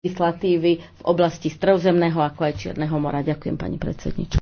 legislatívy v oblasti Stredozemného ako aj Čierneho mora. Ďakujem pani predsednička.